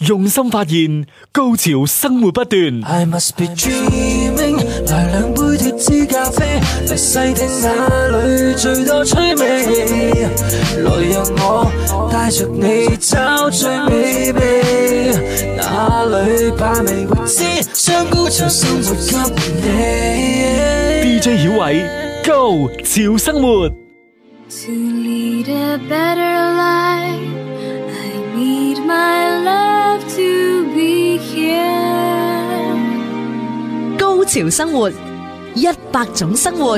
用心發現，高潮生活不斷。DJ 小偉，Go 潮生活。高潮生活，一百種生活。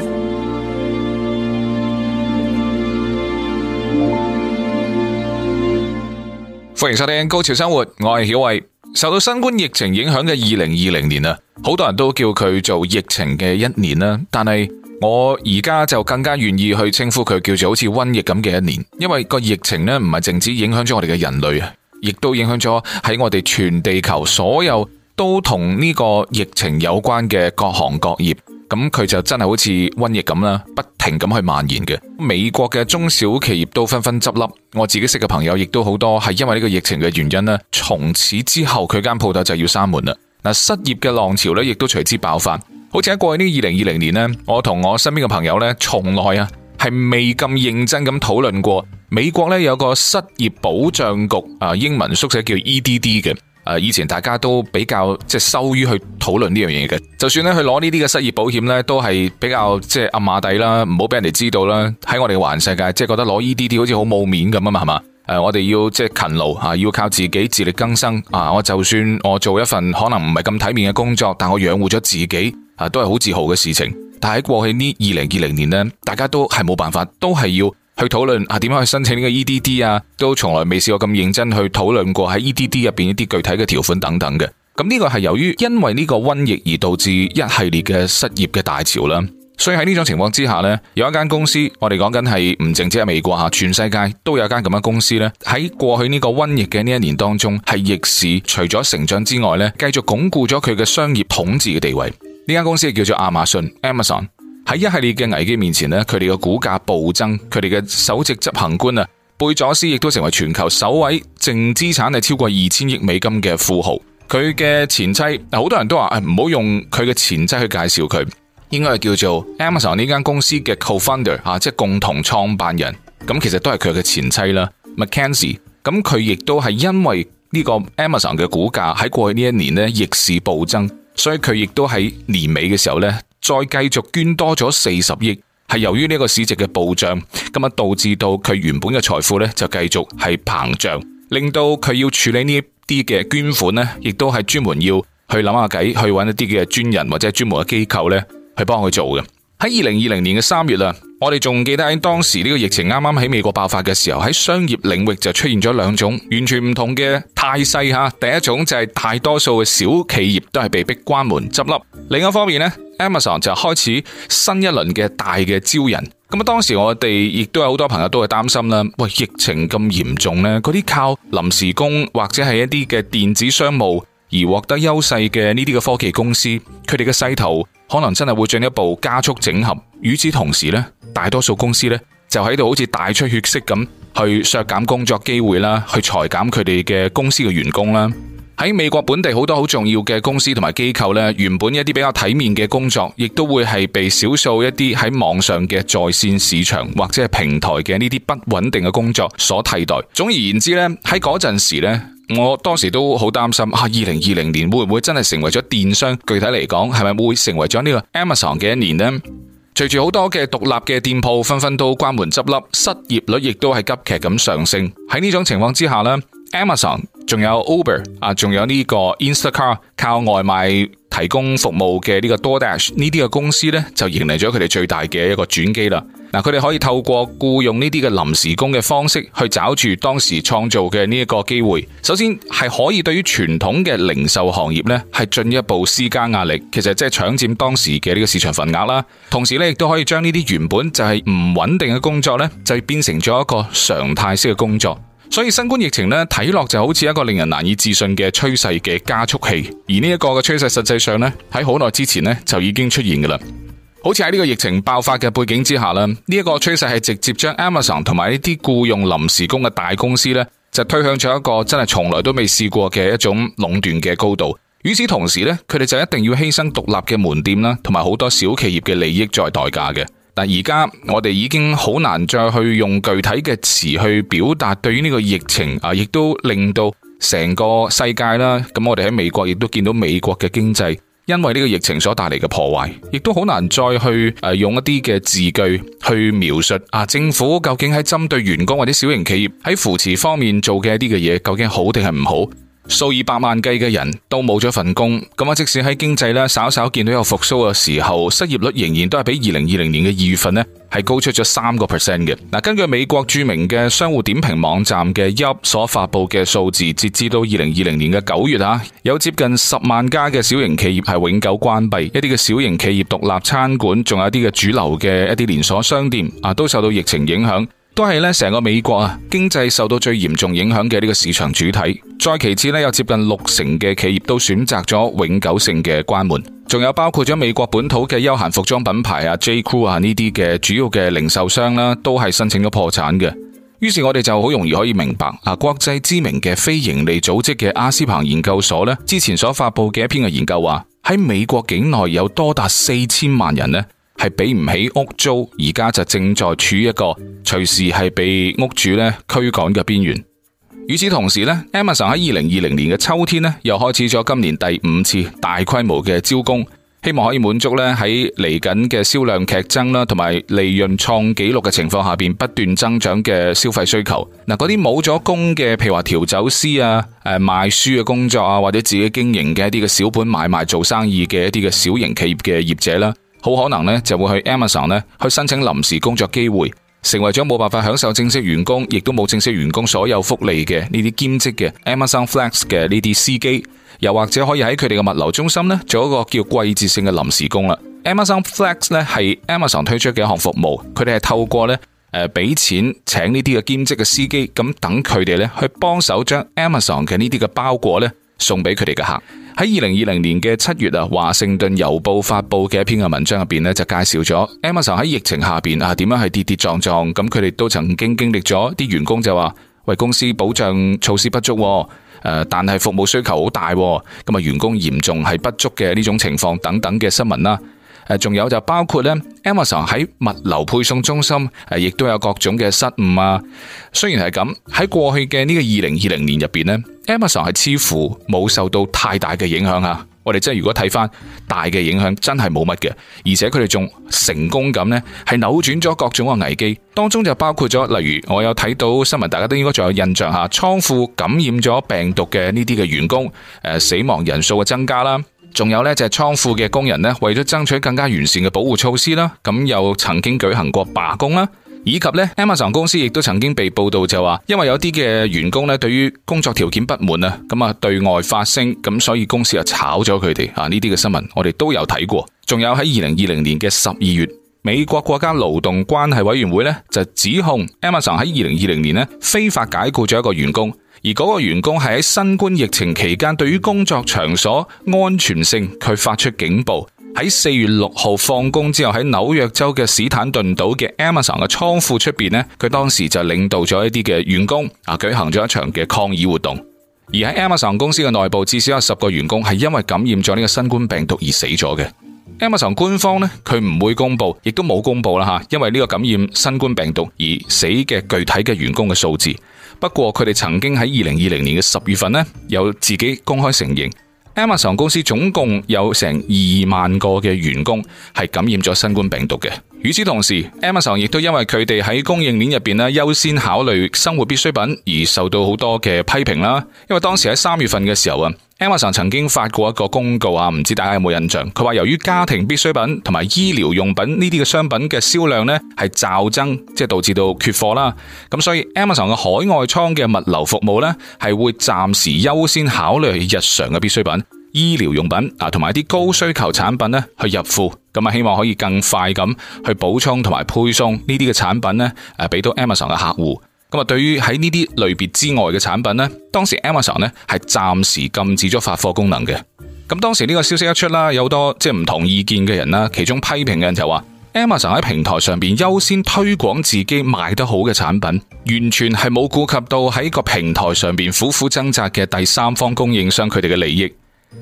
歡迎收聽《高潮生活》，我係曉慧。受到新冠疫情影響嘅二零二零年啊，好多人都叫佢做疫情嘅一年啦。但係我而家就更加願意去稱呼佢叫做好似瘟疫咁嘅一年，因為個疫情咧唔係淨止影響咗我哋嘅人類啊，亦都影響咗喺我哋全地球所有。都同呢個疫情有關嘅各行各業，咁佢就真係好似瘟疫咁啦，不停咁去蔓延嘅。美國嘅中小企業都紛紛執笠，我自己識嘅朋友亦都好多係因為呢個疫情嘅原因呢，從此之後佢間鋪頭就要閂門啦。嗱，失業嘅浪潮呢亦都隨之爆發。好似喺過去呢二零二零年呢，我同我身邊嘅朋友呢，從來啊係未咁認真咁討論過美國呢有個失業保障局啊，英文縮寫叫 EDD 嘅。誒，以前大家都比較即係羞於去討論呢樣嘢嘅，就算咧去攞呢啲嘅失業保險咧，都係比較即係暗啞抵啦，唔好俾人哋知道啦。喺我哋嘅環世界，即係覺得攞呢啲啲好似好冇面咁啊嘛，係嘛？誒，我哋要即係勤勞啊，要靠自己自力更生啊！我就算我做一份可能唔係咁體面嘅工作，但我養活咗自己啊，都係好自豪嘅事情。但喺過去呢二零二零年呢，大家都係冇辦法，都係要。去討論啊，點樣去申請呢個 EDD 啊，都從來未試過咁認真去討論過喺 EDD 入邊一啲具體嘅條款等等嘅。咁呢個係由於因為呢個瘟疫而導致一系列嘅失業嘅大潮啦。所以喺呢種情況之下呢，有一間公司，我哋講緊係唔淨止係美國吓，全世界都有間咁樣公司呢。喺過去呢個瘟疫嘅呢一年當中，係逆市除咗成長之外呢，繼續鞏固咗佢嘅商業統治嘅地位。呢間公司叫做亞馬遜 Amazon。喺一系列嘅危機面前呢佢哋嘅股價暴增，佢哋嘅首席執行官啊，貝佐斯亦都成為全球首位淨資產係超過二千億美金嘅富豪。佢嘅前妻，好多人都話，唔好用佢嘅前妻去介紹佢，應該係叫做 Amazon 呢間公司嘅 cofounder 吓，即係共同創辦人。咁其實都係佢嘅前妻啦，McKenzie。咁佢亦都係因為呢個 Amazon 嘅股價喺過去呢一年呢逆市暴增，所以佢亦都喺年尾嘅時候呢。再繼續捐多咗四十億，係由於呢一個市值嘅暴漲，咁咪導致到佢原本嘅財富呢就繼續係膨脹，令到佢要處理呢一啲嘅捐款呢，亦都係專門要去諗下計，去揾一啲嘅專人或者專門嘅機構呢，去幫佢做嘅。喺二零二零年嘅三月啊，我哋仲記得喺當時呢個疫情啱啱喺美國爆發嘅時候，喺商業領域就出現咗兩種完全唔同嘅態勢吓。第一種就係大多數嘅小企業都係被逼關門執笠，另一方面呢，Amazon 就開始新一輪嘅大嘅招人。咁啊，當時我哋亦都有好多朋友都係擔心啦。喂，疫情咁嚴重咧，嗰啲靠臨時工或者係一啲嘅電子商務而獲得優勢嘅呢啲嘅科技公司，佢哋嘅勢頭。可能真係會進一步加速整合，與此同時呢，大多數公司呢就喺度好似大出血式咁去削減工作機會啦，去裁減佢哋嘅公司嘅員工啦。喺美國本地好多好重要嘅公司同埋機構呢，原本一啲比較體面嘅工作，亦都會係被少數一啲喺網上嘅在線市場或者係平台嘅呢啲不穩定嘅工作所替代。總而言之，呢喺嗰陣時呢。我當時都好擔心，吓，二零二零年會唔會真係成為咗電商？具體嚟講，係咪會成為咗呢個 Amazon 嘅一年呢？隨住好多嘅獨立嘅店鋪紛紛都關門執笠，失業率亦都係急劇咁上升。喺呢種情況之下咧，Amazon 仲有 Uber 啊，仲有呢個 Instacart 靠外賣提供服務嘅呢個 DoorDash 呢啲嘅公司呢，就迎嚟咗佢哋最大嘅一個轉機啦。嗱，佢哋可以透過雇傭呢啲嘅臨時工嘅方式，去找住當時創造嘅呢一個機會。首先係可以對於傳統嘅零售行業呢係進一步施加壓力。其實即係搶佔當時嘅呢個市場份額啦。同時呢，亦都可以將呢啲原本就係唔穩定嘅工作呢，就變成咗一個常態式嘅工作。所以新冠疫情呢，睇落，就好似一個令人難以置信嘅趨勢嘅加速器，而呢一個嘅趨勢實際上呢，喺好耐之前呢，就已經出現㗎喇。好似喺呢個疫情爆發嘅背景之下咧，呢、呢、一個趨勢係直接將 Amazon 同埋呢啲僱傭臨時工嘅大公司呢，就推向咗一個真係從來都未試過嘅一種壟斷嘅高度。與此同時呢，佢哋就一定要犧牲獨立嘅門店啦，同埋好多小企業嘅利益作為代價嘅。但而家我哋已經好難再去用具體嘅詞去表達對於呢個疫情啊，亦都令到成個世界啦。咁我哋喺美國亦都見到美國嘅經濟。因為呢個疫情所帶嚟嘅破壞，亦都好難再去、呃、用一啲嘅字句去描述啊！政府究竟係針對員工或者小型企業喺扶持方面做嘅一啲嘅嘢，究竟好定係唔好？數以百萬計嘅人都冇咗份工，咁啊，即使喺經濟咧稍稍見到有復甦嘅時候，失業率仍然都係比二零二零年嘅二月份呢係高出咗三個 percent 嘅。嗱，根據美國著名嘅商戶點評網站嘅 Yelp 所發布嘅數字，截至到二零二零年嘅九月啊，有接近十萬家嘅小型企業係永久關閉，一啲嘅小型企業、獨立餐館，仲有一啲嘅主流嘅一啲連鎖商店啊，都受到疫情影響。都係咧，成個美國啊，經濟受到最嚴重影響嘅呢個市場主體。再其次咧，有接近六成嘅企業都選擇咗永久性嘅關門。仲有包括咗美國本土嘅休閒服裝品牌啊，J.Crew 啊呢啲嘅主要嘅零售商啦，都係申請咗破產嘅。於是我哋就好容易可以明白，啊，國際知名嘅非盈利組織嘅阿斯彭研究所呢，之前所發佈嘅一篇嘅研究話，喺美國境內有多達四千萬人咧。係畀唔起屋租，而家就正在處於一個隨時係被屋主咧驅趕嘅邊緣。與此同時咧，Amazon 喺二零二零年嘅秋天呢，又開始咗今年第五次大規模嘅招工，希望可以滿足咧喺嚟緊嘅銷量劇增啦，同埋利潤創紀錄嘅情況下邊不斷增長嘅消費需求。嗱，嗰啲冇咗工嘅，譬如話調酒師啊，誒賣書嘅工作啊，或者自己經營嘅一啲嘅小本買賣、做生意嘅一啲嘅小型企業嘅業者啦。好可能咧，就會去 Amazon 咧，去申請臨時工作機會，成為咗冇辦法享受正式員工，亦都冇正式員工所有福利嘅呢啲兼職嘅 Amazon Flex 嘅呢啲司機，又或者可以喺佢哋嘅物流中心咧做一個叫季節性嘅臨時工啦。Amazon Flex 咧係 Amazon 推出嘅一項服務，佢哋係透過咧誒俾錢請呢啲嘅兼職嘅司機，咁等佢哋咧去幫手將 Amazon 嘅呢啲嘅包裹咧。送俾佢哋嘅客。喺二零二零年嘅七月啊，華盛頓郵報發佈嘅一篇嘅文章入邊呢，就介紹咗 Amazon 喺疫情下邊啊點樣係跌跌撞撞，咁佢哋都曾經經歷咗啲員工就話，喂，公司保障措施不足，誒、呃、但係服務需求好大，咁、呃、啊員工嚴重係不足嘅呢種情況等等嘅新聞啦。誒，仲有就包括咧，Amazon 喺物流配送中心誒，亦都有各種嘅失誤啊。雖然係咁，喺過去嘅呢個二零二零年入邊呢 a m a z o n 係似乎冇受到太大嘅影響吓、啊。我哋真係如果睇翻大嘅影響，真係冇乜嘅。而且佢哋仲成功咁呢，係扭轉咗各種嘅危機。當中就包括咗，例如我有睇到新聞，大家都應該仲有印象吓，倉庫感染咗病毒嘅呢啲嘅員工誒，死亡人數嘅增加啦。仲有呢就係倉庫嘅工人呢，為咗爭取更加完善嘅保護措施啦，咁又曾經舉行過罷工啦，以及呢 Amazon 公司亦都曾經被報道就話，因為有啲嘅員工呢對於工作條件不滿啊，咁啊對外發聲，咁所以公司又炒咗佢哋啊。呢啲嘅新聞我哋都有睇過，仲有喺二零二零年嘅十二月，美國國家勞動關係委員會呢，就指控 Amazon 喺二零二零年呢非法解僱咗一個員工。而嗰個員工係喺新冠疫情期間，對於工作場所安全性，佢發出警報。喺四月六號放工之後，喺紐約州嘅史坦頓島嘅 Amazon 嘅倉庫出邊呢，佢當時就領導咗一啲嘅員工啊舉行咗一場嘅抗議活動。而喺 Amazon 公司嘅內部，至少有十個員工係因為感染咗呢個新冠病毒而死咗嘅。Amazon 官方呢，佢唔會公布，亦都冇公布啦吓，因為呢個感染新冠病毒而死嘅具體嘅員工嘅數字。不過佢哋曾經喺二零二零年嘅十月份咧，有自己公開承認，Amazon 公司總共有成二萬個嘅員工係感染咗新冠病毒嘅。與此同時，Amazon 亦都因為佢哋喺供應鏈入邊咧優先考慮生活必需品而受到好多嘅批評啦。因為當時喺三月份嘅時候啊。Amazon 曾經發過一個公告啊，唔知大家有冇印象？佢話由於家庭必需品同埋醫療用品呢啲嘅商品嘅銷量咧係驟增，即係導致到缺貨啦。咁所以 Amazon 嘅海外倉嘅物流服務呢，係會暫時優先考慮日常嘅必需品、醫療用品啊，同埋啲高需求產品咧去入庫，咁啊希望可以更快咁去補充同埋配送呢啲嘅產品咧，誒俾到 Amazon 嘅客戶。咁啊，對於喺呢啲類別之外嘅產品咧，當時 Amazon 咧係暫時禁止咗發貨功能嘅。咁當時呢個消息一出啦，有好多即係唔同意見嘅人啦，其中批評嘅人就話，Amazon 喺平台上邊優先推廣自己賣得好嘅產品，完全係冇顧及到喺個平台上邊苦苦掙扎嘅第三方供應商佢哋嘅利益。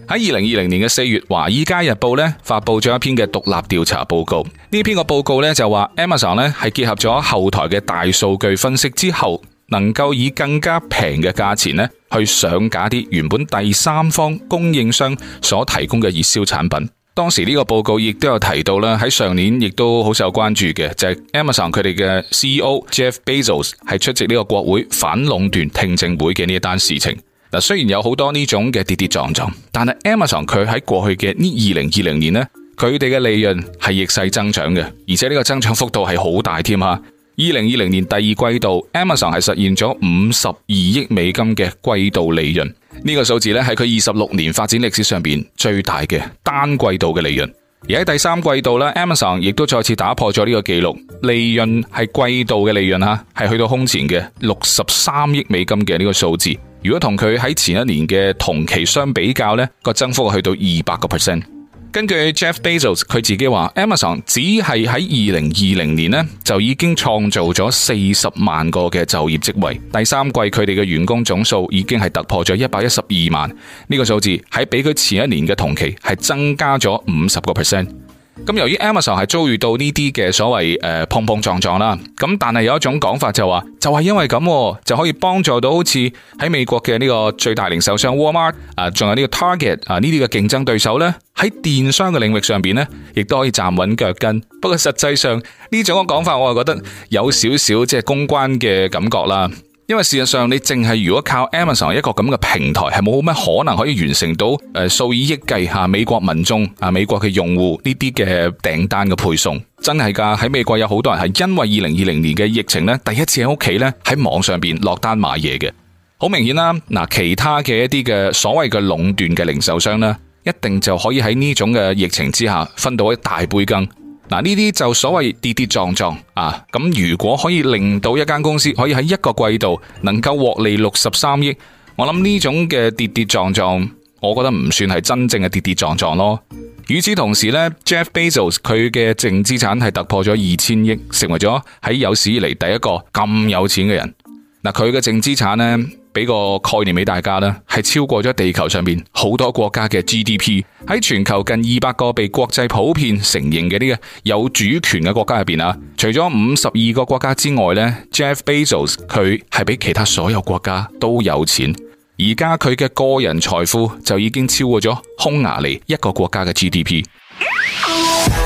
喺二零二零年嘅四月，華爾街日報咧發布咗一篇嘅獨立調查報告。呢篇個報告咧就話，Amazon 咧係結合咗後台嘅大數據分析之後，能夠以更加平嘅價錢咧去上架啲原本第三方供應商所提供嘅熱銷產品。當時呢個報告亦都有提到啦，喺上年亦都好受關注嘅就係、是、Amazon 佢哋嘅 CEO Jeff Bezos 係出席呢個國會反壟斷聽證會嘅呢一單事情。雖然有好多呢種嘅跌跌撞撞，但係 Amazon 佢喺過去嘅呢二零二零年呢，佢哋嘅利潤係逆勢增長嘅，而且呢個增長幅度係好大添吓，二零二零年第二季度，Amazon 係實現咗五十二億美金嘅季度利潤，呢個數字呢，係佢二十六年發展歷史上邊最大嘅單季度嘅利潤。而喺第三季度呢 Amazon 亦都再次打破咗呢個紀錄，利潤係季度嘅利潤吓，係去到空前嘅六十三億美金嘅呢個數字。如果同佢喺前一年嘅同期相比較，呢個增幅去到二百個 percent。根據 Jeff Bezos 佢自己話，Amazon 只係喺二零二零年呢就已經創造咗四十萬個嘅就業職位。第三季佢哋嘅員工總數已經係突破咗一百一十二萬，呢、這個數字喺比佢前一年嘅同期係增加咗五十個 percent。咁由於 Amazon 係遭遇到呢啲嘅所謂誒碰碰撞撞啦，咁但係有一種講法就話，就係因為咁就可以幫助到好似喺美國嘅呢個最大零售商 Walmart 啊，仲有呢個 Target 啊呢啲嘅競爭對手咧，喺電商嘅領域上邊咧，亦都可以站穩腳跟。不過實際上呢種嘅講法，我係覺得有少少即係公關嘅感覺啦。因為事實上你淨係如果靠 Amazon 一個咁嘅平台係冇咩可能可以完成到誒數以億計吓美國民眾啊、美國嘅用戶呢啲嘅訂單嘅配送，真係噶喺美國有好多人係因為二零二零年嘅疫情咧，第一次喺屋企咧，喺網上邊落單買嘢嘅，好明顯啦，嗱，其他嘅一啲嘅所謂嘅壟斷嘅零售商咧，一定就可以喺呢種嘅疫情之下分到一大杯羹。嗱呢啲就所謂跌跌撞撞啊！咁如果可以令到一間公司可以喺一個季度能夠獲利六十三億，我諗呢種嘅跌跌撞撞，我覺得唔算係真正嘅跌跌撞撞咯。與此同時呢 Jeff Bezos 佢嘅淨資產係突破咗二千億，成為咗喺有史以嚟第一個咁有錢嘅人。嗱，佢嘅淨資產呢。俾個概念俾大家啦，係超過咗地球上面好多國家嘅 GDP。喺全球近二百個被國際普遍承認嘅呢個有主權嘅國家入邊啊，除咗五十二個國家之外呢，Jeff Bezos 佢係比其他所有國家都有錢。而家佢嘅個人財富就已經超過咗匈牙利一個國家嘅 GDP。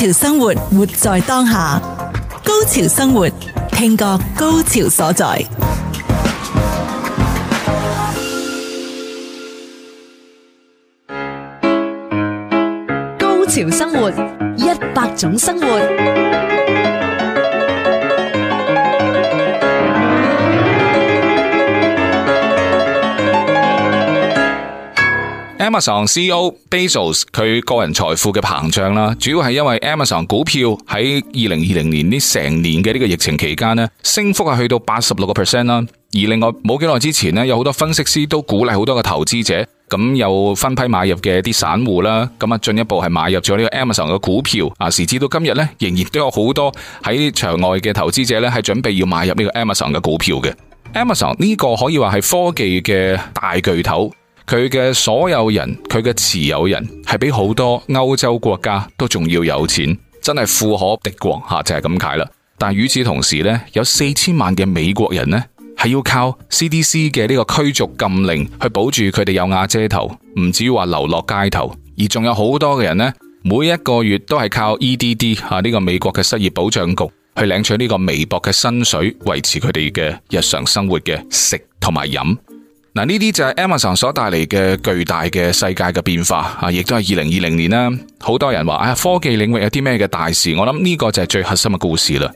高潮生活，活在當下。高潮生活，聽過高潮所在。高潮生活，一百種生活。Amazon CEO Bezos 佢個人財富嘅膨脹啦，主要係因為 Amazon 股票喺二零二零年呢成年嘅呢個疫情期間呢，升幅係去到八十六個 percent 啦。而另外冇幾耐之前呢，有好多分析師都鼓勵好多嘅投資者，咁又分批買入嘅啲散戶啦，咁啊進一步係買入咗呢個 Amazon 嘅股票啊。時至到今日呢，仍然都有好多喺場外嘅投資者呢係準備要買入呢個 Amazon 嘅股票嘅。Amazon 呢個可以話係科技嘅大巨頭。佢嘅所有人，佢嘅持有人係比好多歐洲國家都仲要有錢，真係富可敵國吓，就係咁解啦。但與此同時咧，有四千萬嘅美國人咧係要靠 CDC 嘅呢個驅逐禁令去保住佢哋有瓦遮頭，唔至於話流落街頭。而仲有好多嘅人咧，每一個月都係靠 EDD 吓呢個美國嘅失業保障局去領取呢個微薄嘅薪水，維持佢哋嘅日常生活嘅食同埋飲。嗱，呢啲就係 Amazon 所帶嚟嘅巨大嘅世界嘅變化啊，亦都係二零二零年啦。好多人話，哎、啊、科技領域有啲咩嘅大事？我諗呢個就係最核心嘅故事啦。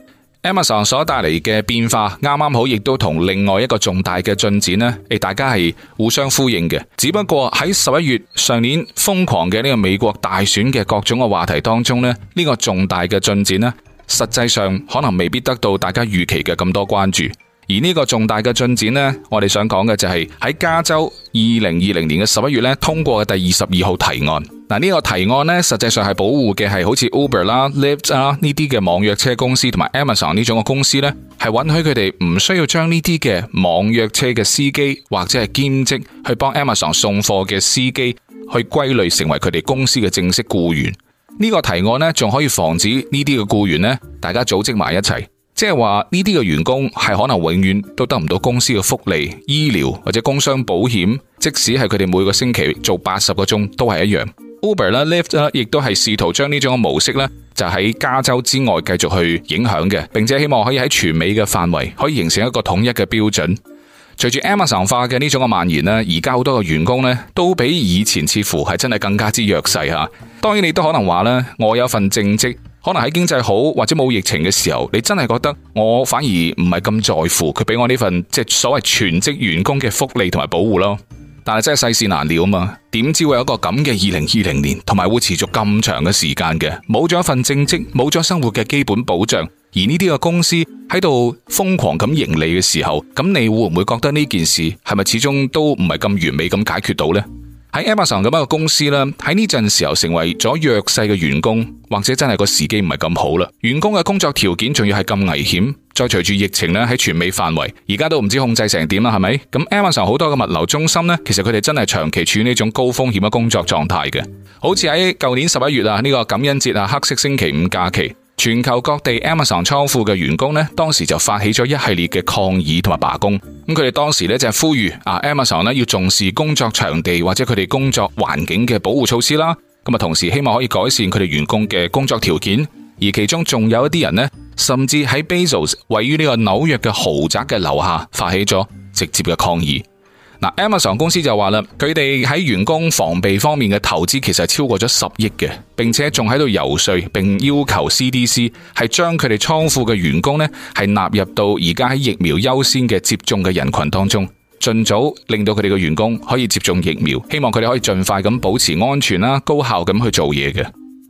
Amazon 所帶嚟嘅變化，啱啱好亦都同另外一個重大嘅進展呢，誒，大家係互相呼應嘅。只不過喺十一月上年瘋狂嘅呢個美國大選嘅各種嘅話題當中呢，呢、呢個重大嘅進展呢，實際上可能未必得到大家預期嘅咁多關注。而呢個重大嘅進展呢，我哋想講嘅就係喺加州二零二零年嘅十一月咧通過嘅第二十二號提案。嗱，呢個提案呢，實際上係保護嘅係好似 Uber 啦、Lyft 啊呢啲嘅網約車公司，同埋 Amazon 呢種嘅公司呢，係允許佢哋唔需要將呢啲嘅網約車嘅司機或者係兼職去幫 Amazon 送貨嘅司機，去歸類成為佢哋公司嘅正式僱員。呢、呢個提案呢，仲可以防止呢啲嘅僱員呢，大家組織埋一齊。即係話呢啲嘅員工係可能永遠都得唔到公司嘅福利、醫療或者工傷保險，即使係佢哋每個星期做八十個鐘都係一樣。Uber 咧、Lyft 咧,亦都係試圖將呢種嘅模式咧，就喺加州之外繼續去影響嘅，並且希望可以喺全美嘅範圍可以形成一個統一嘅標準。隨住 Amazon 化嘅呢種嘅蔓延咧，而家好多嘅員工呢都比以前似乎係真係更加之弱勢吓。當然你都可能話呢，我有份正職。可能喺經濟好或者冇疫情嘅時候，你真係覺得我反而唔係咁在乎佢俾我呢份即係、就是、所謂全職員工嘅福利同埋保護咯。但係真係世事難料啊嘛，點知會有一個咁嘅二零二零年，同埋會持續咁長嘅時間嘅，冇咗一份正職，冇咗生活嘅基本保障，而呢啲嘅公司喺度瘋狂咁盈利嘅時候，咁你會唔會覺得呢件事係咪始終都唔係咁完美咁解決到呢？喺 Amazon 咁一個公司呢，喺呢陣時候成為咗弱勢嘅員工，或者真係個時機唔係咁好啦。員工嘅工作條件仲要係咁危險，再隨住疫情咧喺全美範圍，而家都唔知控制成點啦，係咪？咁 Amazon 好多嘅物流中心呢，其實佢哋真係長期處於呢種高風險嘅工作狀態嘅，好似喺舊年十一月啊，呢個感恩節啊，黑色星期五假期。全球各地 Amazon 倉庫嘅員工咧，當時就發起咗一系列嘅抗議同埋罷工。咁佢哋當時咧就呼籲啊，Amazon 咧要重視工作場地或者佢哋工作環境嘅保護措施啦。咁啊，同時希望可以改善佢哋員工嘅工作條件。而其中仲有一啲人咧，甚至喺 Bezos 位於呢個紐約嘅豪宅嘅樓下發起咗直接嘅抗議。嗱，Amazon 公司就話啦，佢哋喺員工防備方面嘅投資其實係超過咗十億嘅，並且仲喺度游說並要求 CDC 係將佢哋倉庫嘅員工呢係納入到而家喺疫苗優先嘅接種嘅人群當中，盡早令到佢哋嘅員工可以接種疫苗，希望佢哋可以盡快咁保持安全啦，高效咁去做嘢嘅。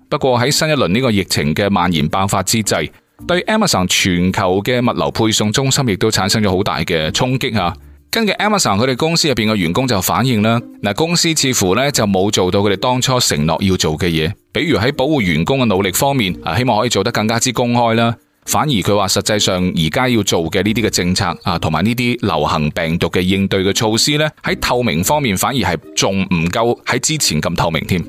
不過喺新一輪呢個疫情嘅蔓延爆發之際，對 Amazon 全球嘅物流配送中心亦都產生咗好大嘅衝擊啊！根據 Amazon 佢哋公司入邊嘅員工就反映啦，嗱，公司似乎咧就冇做到佢哋當初承諾要做嘅嘢，比如喺保護員工嘅努力方面，啊希望可以做得更加之公開啦。反而佢話實際上而家要做嘅呢啲嘅政策啊，同埋呢啲流行病毒嘅應對嘅措施咧，喺透明方面反而係仲唔夠喺之前咁透明添。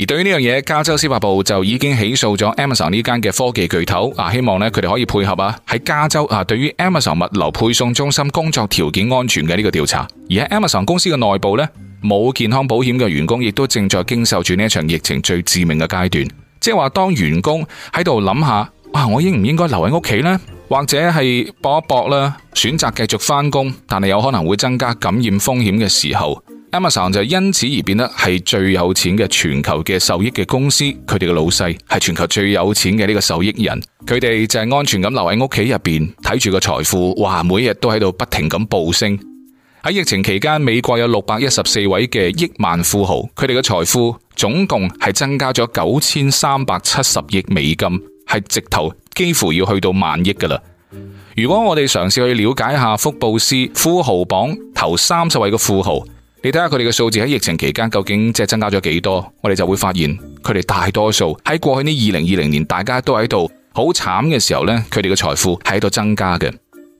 而對於呢樣嘢，加州司法部就已經起訴咗 Amazon 呢間嘅科技巨頭啊，希望咧佢哋可以配合啊，喺加州啊，對於 Amazon 物流配送中心工作條件安全嘅呢個調查。而喺 Amazon 公司嘅內部咧，冇健康保險嘅員工亦都正在經受住呢一場疫情最致命嘅階段，即係話當員工喺度諗下，啊，我應唔應該留喺屋企呢？或者係搏一搏啦，選擇繼續返工，但係有可能會增加感染風險嘅時候。Amazon 就因此而變得係最有錢嘅全球嘅受益嘅公司。佢哋嘅老細係全球最有錢嘅呢個受益人。佢哋就係安全咁留喺屋企入邊睇住個財富，哇！每日都喺度不停咁暴升。喺疫情期間，美國有六百一十四位嘅億萬富豪，佢哋嘅財富總共係增加咗九千三百七十億美金，係直頭幾乎要去到萬億噶啦。如果我哋嘗試去了解下福布斯富豪榜頭三十位嘅富豪。你睇下佢哋嘅數字喺疫情期間究竟，即係增加咗幾多？我哋就會發現，佢哋大多數喺過去呢，二零二零年，大家都喺度好慘嘅時候咧，佢哋嘅財富喺度增加嘅。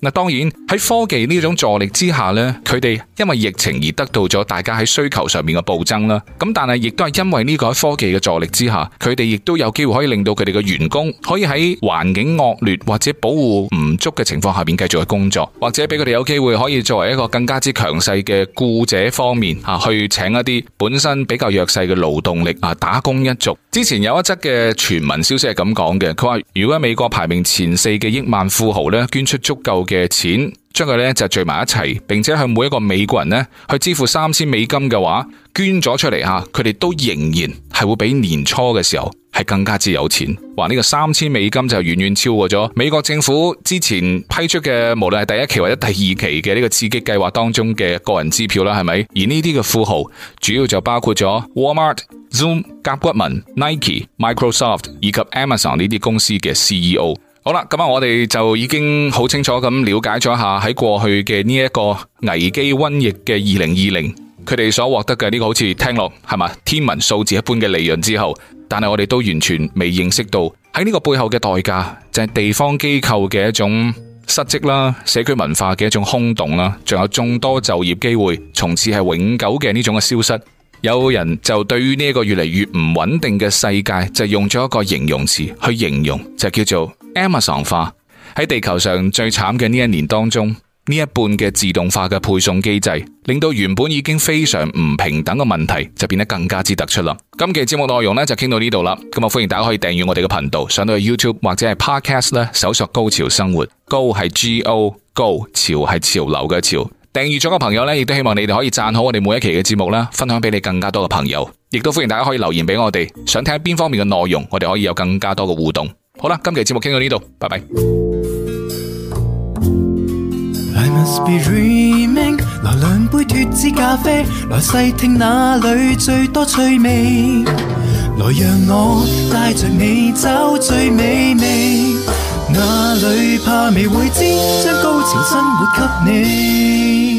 嗱，當然喺科技呢種助力之下呢，佢哋因為疫情而得到咗大家喺需求上面嘅暴增啦。咁但係亦都係因為呢個喺科技嘅助力之下，佢哋亦都有機會可以令到佢哋嘅員工可以喺環境惡劣或者保護唔足嘅情況下邊繼續去工作，或者俾佢哋有機會可以作為一個更加之強勢嘅雇者方面啊，去請一啲本身比較弱勢嘅勞動力啊打工一族。之前有一則嘅傳聞消息係咁講嘅，佢話如果美國排名前四嘅億萬富豪咧捐出足夠嘅錢將佢咧，就聚埋一齊，並且向每一個美國人咧，去支付三千美金嘅話，捐咗出嚟吓，佢哋都仍然係會比年初嘅時候係更加之有錢。話呢個三千美金就遠遠超過咗美國政府之前批出嘅，無論係第一期或者第二期嘅呢個刺激計劃當中嘅個人支票啦，係咪？而呢啲嘅富豪主要就包括咗 Walmart、Zoom、甲骨文、Nike、Microsoft 以及 Amazon 呢啲公司嘅 CEO。好啦，咁啊，我哋就已經好清楚咁了解咗一下喺過去嘅呢一個危機瘟疫嘅二零二零，佢哋所獲得嘅呢個好似聽落係嘛天文數字一般嘅利潤之後，但係我哋都完全未認識到喺呢個背後嘅代價，就係、是、地方機構嘅一種失職啦，社區文化嘅一種空洞啦，仲有眾多就業機會從此係永久嘅呢種嘅消失。有人就對於呢一個越嚟越唔穩定嘅世界，就用咗一個形容詞去形容，就是、叫做。Amazon 化，喺地球上最慘嘅呢一年當中，呢一半嘅自動化嘅配送機制，令到原本已經非常唔平等嘅問題就變得更加之突出啦。今期節目內容呢，就傾到呢度啦，咁啊歡迎大家可以訂閱我哋嘅頻道，上到去 YouTube 或者係 Podcast 呢，搜索高潮生活，高係 GO，高潮係潮流嘅潮。訂閱咗嘅朋友呢，亦都希望你哋可以讚好我哋每一期嘅節目啦，分享俾你更加多嘅朋友，亦都歡迎大家可以留言俾我哋，想聽邊方面嘅內容，我哋可以有更加多嘅互動。好啦，今期節目傾到呢度，拜拜。I must be dreaming，來兩杯脫脂咖啡，來細聽哪裡最多趣味，來讓我帶著你找最美味，哪裡怕未會知，將高潮生活給你。